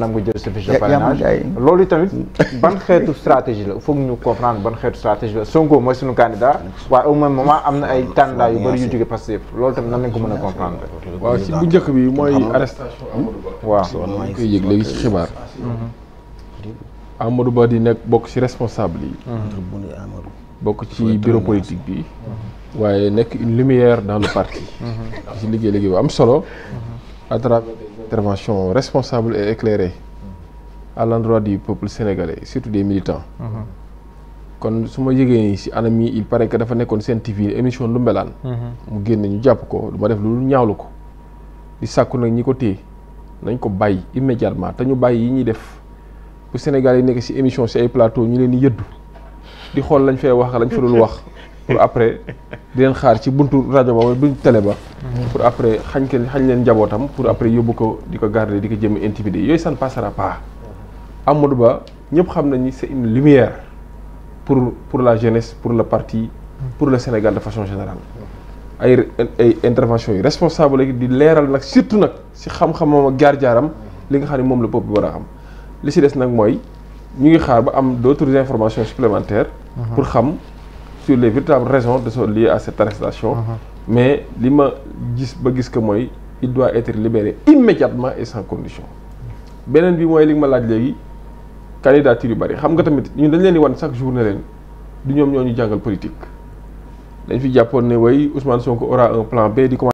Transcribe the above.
nangu jël sa fiche de loolu tamit ban xeetu stratégie la foog ñu comprendre ban xeetu stratégie la Sonko mooy suñu candidat waaye au même moment am na ay candidat yu bëri yu jóge Pastef loolu tamit nan lañ ko mën a comprendre waaw si bu njëkk bi mooy arrestation waaw ñu koy di nekk bokk ci responsable yi mm-hmm. bokk ci bureau politique bi mm-hmm. waaye nekk une lumière dans le parti mm-hmm. ci liggéey liggéey bu am solo intervention responsable et éclairée à l'endroit du peuple sénégalais surtout des militants mhm. kon su ma yëgee ni si anam yi il paraît que dafa nekkoon seen TV émission Ndoumbelane mhm. mu génne ñu jàpp ko du ma def lu ñaawlu ko di sàkku nag ñi ko téye nañ ko bàyyi immédiatement te ñu bàyyi yi ñuy def bu Sénégal yi nekk si émission si ay plateau ñu leen yëddu di xool lañ fay wax lañ fa dul wax pour après di leen xaar ci buntu rajo ba bu ñu télé ba. pour après xañ ko xañ leen njabootam pour après yóbbu ko di ko garder di ko jëm intimider yooyu ça ne passera pas. Amadou Ba ñëpp xam nañu c'est une lumière pour pour la jeunesse pour le parti pour le Sénégal de façon général ay ay intervention yi responsable di leeral nag surtout nag si xam-xamam ak jaar-jaaram li nga xam ne moom la peuple war a xam li si des nag mooy ñu ngi xaar ba am d'autres informations supplémentaires pour xam. sur les véritables raisons de sont liées à cette arrestation. Uh-huh. mais li ma gis ba gis que mooy il doit être libéré immédiatement et sans condition. beneen bi mooy li ma laaj léegi candidature yu bari xam nga tamit ñun dañ leen di wan chaque jour ne leen du ñoom ñoo ñu jàngal politique. dañ fi jàppoon ne way Ousmane Sonko aura un plan B di